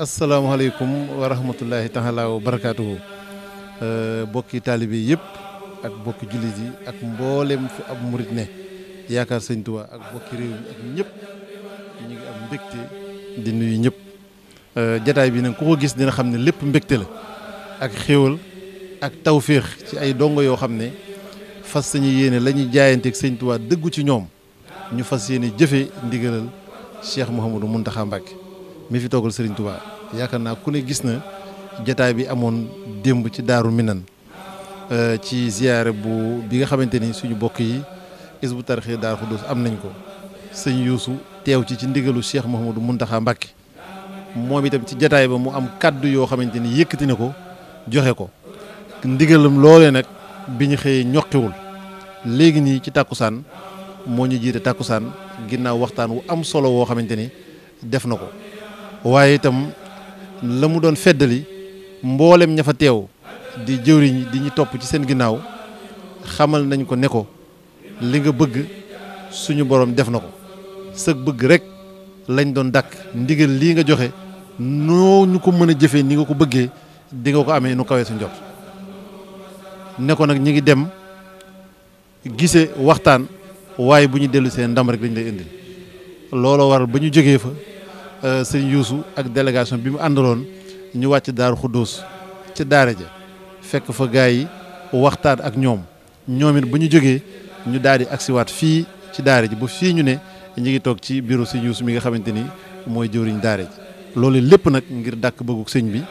asalaamaaleykum wa rahmatullahi taala wa barakaatuhu euh, bokki taalibe yëpp ak bokki jullit yi ak mboolem fu ab murit ne yaakaar sëñtuwaa ak bokki réew mi ak ñëpp ñu ngi am mbégte di nuyu ñëpp euh, jataay bi nag ku ko gis dina xam ne lépp mbégte la ak xéwal ak tawféex ci ay dongo yoo xam ne fas sañu yéene lañuy ñuy jaayanteeg sëñ dëggu ci ñoom ñu fas yéene jëfe ndigalal Cheikh Mouhamadou Mountakha Mbacké mi fi toogal sëriñ yaakaar naa ku ne gis na jataay bi amoon démb ci daaru Minan Euh, ci ziare bu bi nga xamante ni suñu bokk yi isbu tarixi daar xudus am nañ ko sëñ yuusu teew ci ci ndigalu Cheikh mun Mountakha Mbacké moom itam ci jataay ba mu am kàddu yoo xamante ni yëkkati na ko joxe ko ndigalam loolee nag bi ñu xëyee ñoqiwul léegi nii ci tàkkusaan moo ñu jiite tàkkusaan ginnaaw waxtaan wu am solo woo xamante ni def na ko waaye itam la mu doon feddali mboolem ña fa teew di jëwriñ di ñu topp ci seen ginnaaw xamal nañ ko ne ko li nga bëgg suñu borom def na ko sëg bëgg rek lañ doon dàkk ndigal lii nga joxe noo ñu ko mën a jëfee ni nga ko bëggee di nga ko amee nu kawee su njot ne ko nag ñi ngi dem gise waxtaan waaye bu ñu dellu seen ndam rek lañ lay indi looloo waral ba ñu jógee fa euh, sëñ Youssou ak délégation bi mu àndaloon ñu wàcc daaru Xuddoos ci daare ja fekk fa gaa yi waxtaan ak ñoom ñoom it bu ñu jógee ñu daal di agsiwaat fii ci daare ji ba fii ñu ne ñu ngi toog ci bureau sëñ Youssou mi nga xamante ni mooy jëwriñ daare ji loolu lépp nag ngir dàkk bëggug sëñ bi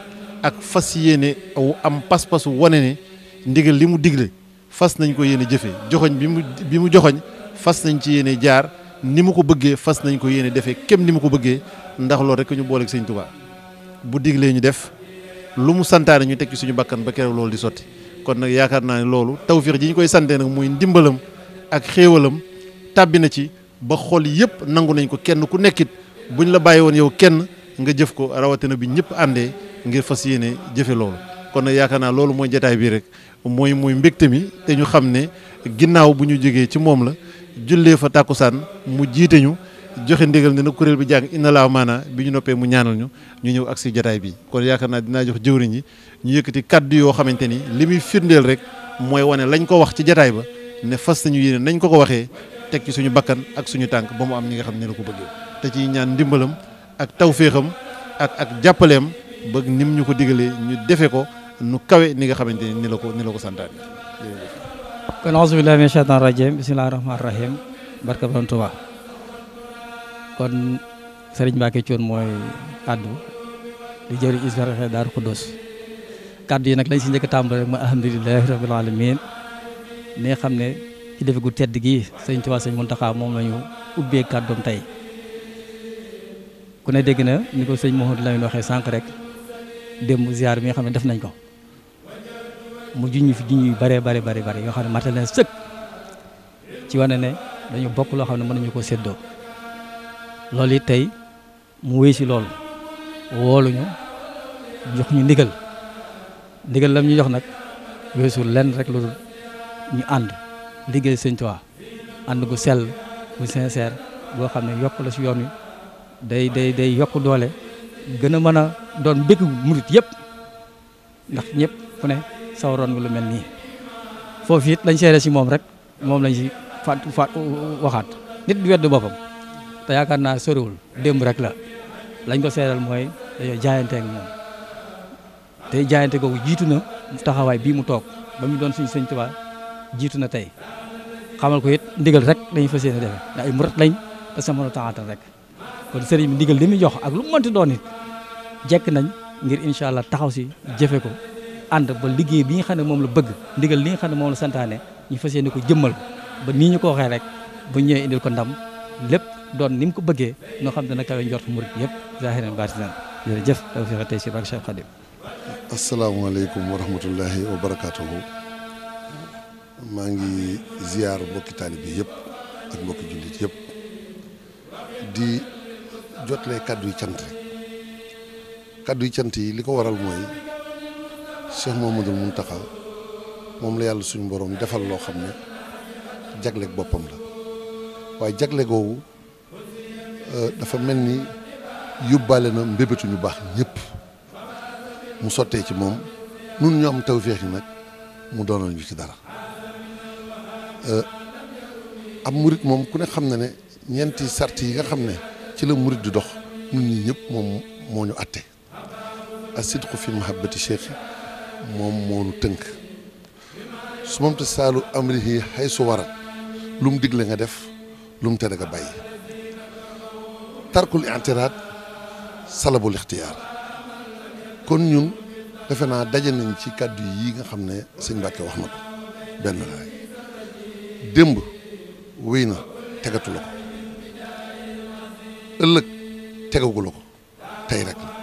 ak fas yéene aw am pas-pasu wane ne ndigal li mu digle fas nañ ko yéene jëfe joxoñ bi mu bi mu joxoñ fas nañ ci yéene jaar ni mu ko bëggee fas nañ ko yéene defee kem ni mu ko bëggee ndax loolu rek ñu booleeg sëñ Tuubaa bu diglee ñu def lu mu santaane ñu teg ci suñu bàkkan ba keroog loolu di sotti kon nag yaakaar naa ne loolu tawfiix ji ñu koy santee nag muy ndimbalam ak xéewalam tàbbi na ci ba xol yëpp nangu nañ ko kenn ku nekkit buñ la bàyyi woon yow kenn nga jëf ko rawatina bi ñëpp àndee ngir fas yéene jëfe loolu kon nag yaakaar naa loolu mooy jataay bii rek mooy mooy mbégte mi te ñu xam ne ginnaaw bu ñu jógee ci moom la jullee fa tàkkusaan mu jiite ñu joxe ndigal ne na kuréel bi jàng inna laa maana bi ñu noppee mu ñaanal ñu ñu ñëw ak si jataay bi kon yaakaar naa dinaa jox jëwriñ yi ñu yëkkati kàddu yoo xamante ni li muy firndeel rek mooy wane lañ ko wax ci jataay ba ne fas nañu yéene nañ ko ko waxee teg ci suñu bakkan ak suñu tànk ba mu am ni nga xam ne la ko bëggee te ci ñaan ndimbalam ak tawféexam ak ak jàppaleem ba nim ñu ko digalee ñu defe ko nu kawe ni nga xamante ni la ko ni la ko santaane kon auzu billaahi mina shaytaani rajiim bismillaahi rahmaani rahiim barka borom kon sëriñ Mbacke Thion mooy addu di jëriñ ISRA Daaru Khoudoss kaddu yi nag lañ si njëkk a tàmbali rek ma alhamdulilah rabbil alamin ne xam ne ci gu tedd gi sëñ Tuubaa sëñ Muntaxa moom la ñu ubbee kàddoom tey ku ne dégg na ni ko sëñ Mouhamadou Lamine waxee sànq rek démb ziar bi nga xam ne def nañ ko mu junj fi junj yu bare bare bare bare yoo xam ne matal na sëkk ci wane ne dañu bokk loo xam ne mënuñu ko séddoo. loolu it tey mu wéy si loolu wooluñu jox ñu ndigal ndigal lam ñu jox nag weesu lenn rek lu ñu ànd liggéey sëñ Tuubaa ànd gu sell gu sincère boo xam ne yokk la si yoon wi day day day yokk doole gën a mën a doon bëgg murit yëpp ndax ñëpp ku ne sawaroon nga lu mel nii foofu it lañ seere si moom rek moom lañ si faat faat waxaat nit du wedd boppam te yaakaar naa sorewul démb rek la lañ ko seeral mooy dañoo jaayante ak moom te jaayante googu jiitu na taxawaay bii mu toog ba mu doon suñu sëñ Tuubaa jiitu na tey xamal ko it ndigal rek dañu fas yéene defe ndax ay murit lañ te sama mën a rek kon sëriñ bi ndigal li muy jox ak lu mu mënti doon it jekk nañ ngir incha allah taxaw si jëfe ko ànd ba liggéey bi nga xam ne moom la bëgg ndigal li nga xam ne moom la santaane ñu fas yéene ko jëmmal ko ba nii ñu ko waxee rek bu ñëwee indil ko ndam lépp doon ni mu ko bëggee noo xam dana kawe njort murit yëpp zahiran baatinan jërëjëf tawfiqa tey si barke Cheikh Khadim asalaamaaleykum wa ngi ziyaar mbokki taalib yi yëpp ak mbokki jullit yëpp di jotle kàdduy cant rek kàddu cant yi li ko waral mooy Cheikh Mouhamadoul Mountakha moom la yàlla suñu borom defal loo xam ne jagle boppam la waaye jagle googu Euh, dafa mel ni yóbbaale na mbébétu ñu baax ñëpp mu sottee ci moom nun ñoo am tawféex yi nag mu doonal ñu ci dara euh, am murit moom ku ne xam na ne ñeenti sart yi nga xam ne ci la murit di dox nun ñi ñëpp moom moo ñu atte asidqu fi mahabbati cheikh moom moo tënk su moom te saalu amrihi xay su wara lu mu digle nga def lu mu tere nga bàyyi tarkul i'tiraad salabul ixtiyaar kon ñun defe naa daje nañ ci kàddu yi nga xam ne sëñ Mbàkke wax na ko benn laay démb wéy na tegatu la ko ëllëg tegagu ko tey rek la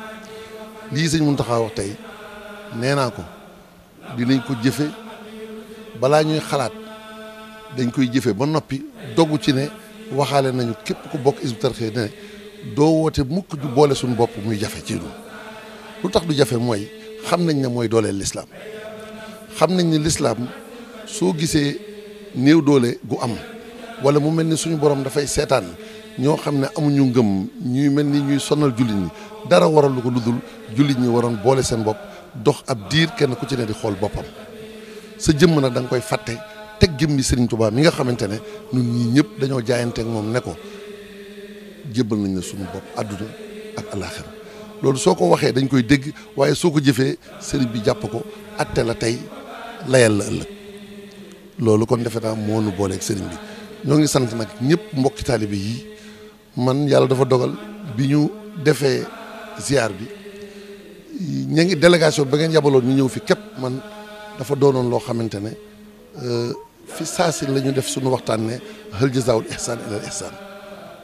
lii sëñ Muntaxa wax tey nee naa ko dinañ ko jëfe balaa ñuy xalaat dañ koy jëfe ba noppi dogu ci ne waxaale nañu képp ku bokk Hizbut Tarqiyyah ne doo woote mukk du boole suñu bopp muy jafe ci ñun lu tax du jafe mooy xam nañ ne mooy doole lislaam xam nañ ni lislaam soo gisee néew doole gu am wala mu mel ni suñu borom dafay seetaan ñoo xam ne amuñu ngëm ñuy mel ni ñuy sonal jullit ñi dara waral lu ko ludul julli ñi waroon boole seen bopp dox ab diir kenn ku ci ne di xool boppam sa jëmm nag da koy fàtte teg jëmmi Serigne Touba yi nga xamante ne ñun ñii ñëpp dañoo jaayanteeg moom ne ko. jébbal nañ la suñu bopp àdduna ak alaaxira loolu soo ko waxee dañ koy dégg waaye soo ko jëfee sëriñ bi jàpp ko atte la tey layal la ëllëg loolu kon defe naa moo nu booleeg sëriñ bi ñoo ngi sant nag ñëpp mbokki taalibe yi man yàlla dafa dogal bi ñu defee ziar bi ña ngi délégation ba ngeen yabaloon ñu ñëw fi képp man dafa doonoon loo xamante ne euh, fi saasin la ñu def suñu waxtaan ne hal jazaawul ilal ihsaan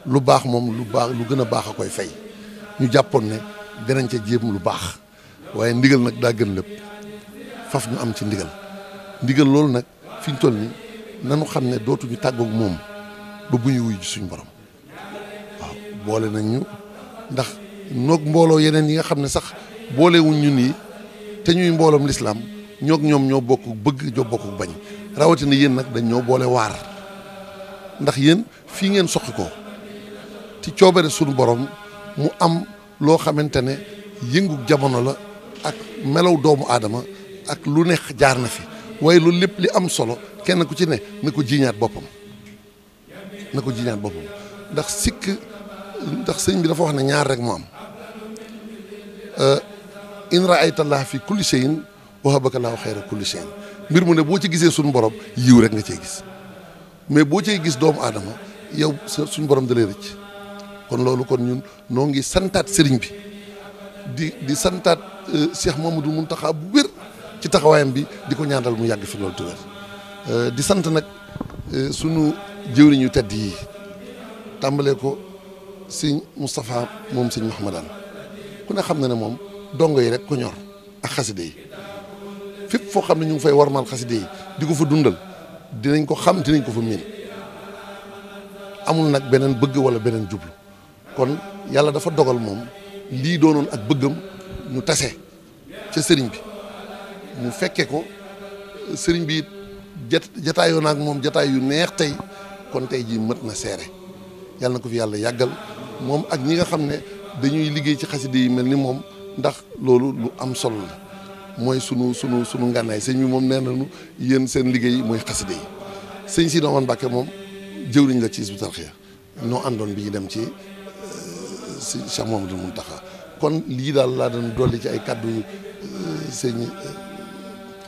lu baax moom lu baax lu gën a baax a koy fay ñu jàppoon ne dinañ ca jéem lu baax waaye ndigal nag daa gën lépp faf ñu am ci ndigal ndigal loolu nag fi ñu toll ni nanu xam ne dootuñu tàggoog moom ba bu ñu wuy suñu borom waaw boole nañ ñu ndax noog mbooloo yeneen yi nga xam ne sax boolewuñ ñu nii te ñuy mbooloom lislaam ñoog ñoom ñoo bokk bëgg ñoo bokk bañ rawatina yéen nag dañ ñoo boole waar ndax yéen fii ngeen soqi ko ci coobare sunu borom mu am loo xamante ne yëngu jamono la ak melaw doomu aadama ak lu ne jaar na fi waaye loolu lépp li am solo kenn ku ci ne na ko jiiñaat boppam na ko jiiñaat boppam ndax sikk ndax sëñ bi dafa wax ne ñaar rek mu am euh, in raaytallah fi kulli shay'in wahabaka laahu xayra kulli shay'in mbir mu ne boo ci gisee suñu borom yiw rek nga cee gis mais boo cee gis doomu aadama yow suñu borom da lay rëcc kon loolu kon ñun noo ngi santaat sëriñ bi di di santaat du euh, Mamadou Mountakha bu wér ci taxawaayam bi di ko ñaanal mu yàgg fi loolu te wér euh, di sant nag euh, sunu jëwriñu tedd yi tàmbalee ko si Moustapha moom sëñ Mahamadan ku ne xam na ne moom dongo yi rek ko ñor ak xaside yi fépp foo xam ne ñu ngi fay warmaal xasi yi di ko fa dundal dinañ ko xam di dinañ ko fa miin amul nag beneen bëgg wala beneen jublu kon yàlla dafa dogal moom lii doonoon ak bëggam ñu tase ca sëriñ bi mu fekke ko sëriñ bi jat jataayoo naag moom jataay yu neex tey kon tey jii mët na seere yàlla na ko fi yàlla yàggal moom ak ñi nga xam ne dañuy liggéey ci xaside yi mel ni moom ndax loolu lu am solo la mooy sunu sunu sunu ngànnaay sëñ bi moom na nañu yéen seen liggéey mooy xaside yi sëñ si dooman Mbàkke moom jëwriñ la ci Hizbut Tarqiyyah noo àndoon bi ñu dem ci si Cheikh Mouhamadou tax kon lii daal laa doon dolli ci ay kàddu euh, sëñ euh,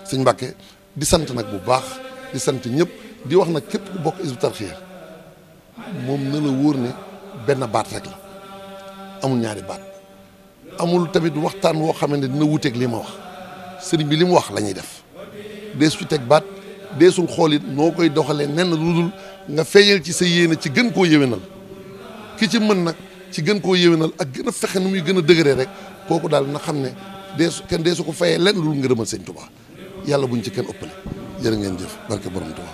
sëñ Mbàkke di sant nag bu baax di sant ñëpp di wax nag képp ku bokk Hizbut Tarqiyyah moom na la wóor ne benn baat rek la amul ñaari baat amul tamit waxtaan woo xamante ne dina wuteeg li ma wax sëriñ bi li mu wax lañuy def dees su teg baat deesul xool it noo koy doxalee nen lu dul nga feeñal ci sa yéene ci gën koo yéwénal ki ci mën nag ci gën koo yéwénal ak gën a fexe nu muy gën a dëgëree rek kooku daal na xam ne deesu kenn deesu ko fayee lenn lu ngërëmal sëñ Tuubaa yàlla buñ ci kenn ëppale jërë ngeen jëf barke borom Tuubaa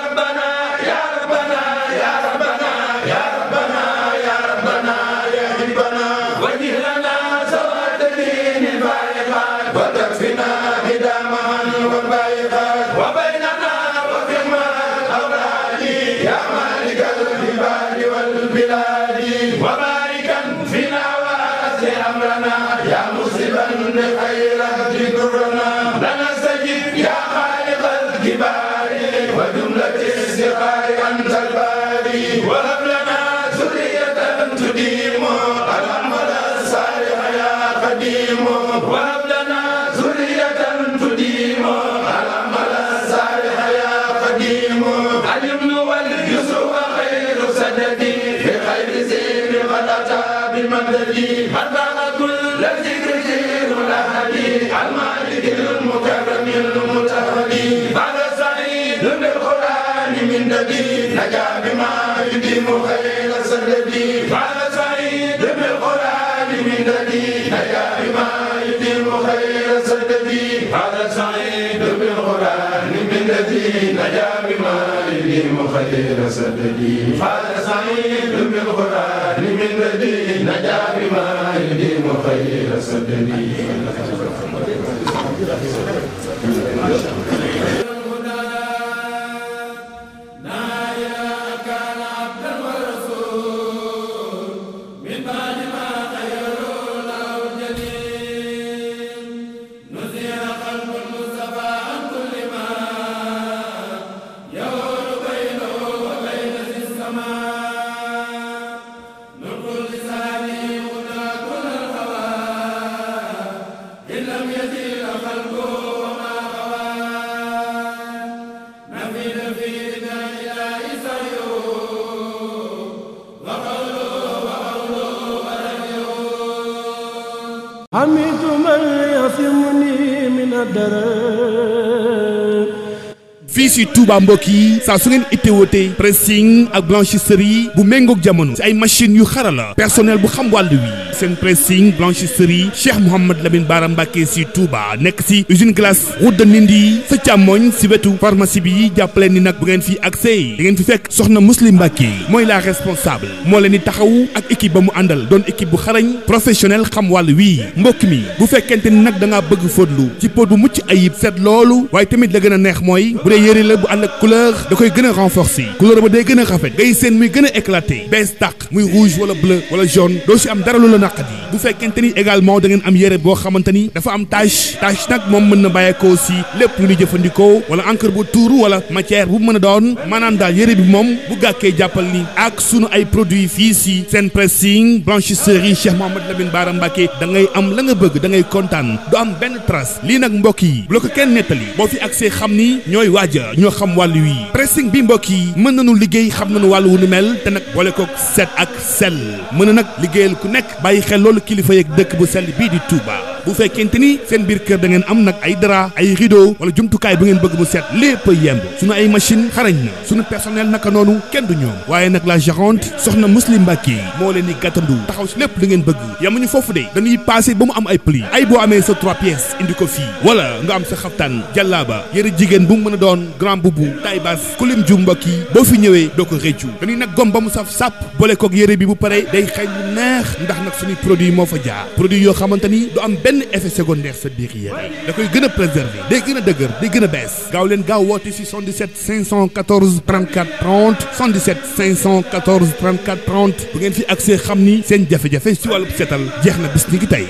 الذي هدى كل ذكر خير الأهلي المالك المكرم المتهدي بعد سعيد بالقرآن من نبي نجا بما يديم خير نجا بماله مخير سددي فاز سعيد بالقران من ردي نجا بماله مخير سددي حميد من يصمني من الدرر fii si Touba mbokk yi saa su ngeen itteewate pressing ak blanchisserie bu méngoog jamono si ay machines yu xarala personnel bu xam wàll wi seen pressing blanchisserie Cheikh Mouhamad Lamine Bara Mbacké si Touba nekk si usine glace route de Nindi sa càmmoñ si wetu pharmacie bi jàppale ni nag bu ngeen fii accès yi ngeen fi fekk soxna Muslim Mbacké mooy la responsable moo leen di taxawu ak équipe ba mu àndal doon équipe bu xarañ professionnel xam wàll wi mbokk mi bu fekkente ni nag da ngaa bëgg fóotlu ci pot bu mucc ayib seet loolu waaye tamit gën a neex mooy yëre la bu ànd ak da koy gën a renforcer couleur ba day gën a rafet ngay seen muy gën a éclaté bees tàq muy rouge wala bleu wala jaune doo si am dara lu la naqadi bu fekkente ni également da am yëre boo xamante ni dafa am tache tache nag moom mën na bàyyeekoo si lépp lu ñu jëfandikoo wala encre bu tuuru wala matière bu mën a doon maanaam daal yëre bi moom bu gàkkee jàppal ni ak nu ay produits fii si seen pressing blanchisserie Cheikh Mouhamed Lamine Bara Mbacké da ngay am la nga bëgg da kontaan am benn trace lii nag mbokk yi ñoo xam wàllu yi pressing bi mbokk yi mën nañu liggéey xam nañu wàllu wu ni mel te nag boole kook set ak sell mën na nag liggéeyal ku nekk bàyyi xel loolu kilifa yeeg dëkk bu sell bii di Touba bu fekkente ni seen biir kër da ngeen am nag ay dara ay rideau wala jumtukaay bu ngeen bëgg mu seet lépp a yemb suñu ay machine xarañ na suñu personnel naka noonu kenn du ñoom waaye nag la gérante soxna Muslim Mbàkke moo leen di gàttandu taxaw si lépp lu ngeen bëgg yamuñu foofu de dañuy passé ba mu am ay pli ay boo amee sa trois pièces indi ko fii wala nga am sa xaftaan jàllaaba yëre jigéen bu mu mën a doon grand boubou taille basse kulim ju mbokk yi boo fi ñëwee doo ko réccu ba mu saf sàpp boole koog yëre bi bu pare day xeeñ lu neex moo fa jaar produit yoo xamante benn effet secondaire sa biir yaram da koy gën a préserver day gën a dëgër day gën a bees gaaw leen gaaw woote si 77 514 34 30 77 514 34 30 bu ngeen fi accès xam ni seen jafe-jafe si wàllu setal jeex na bis tey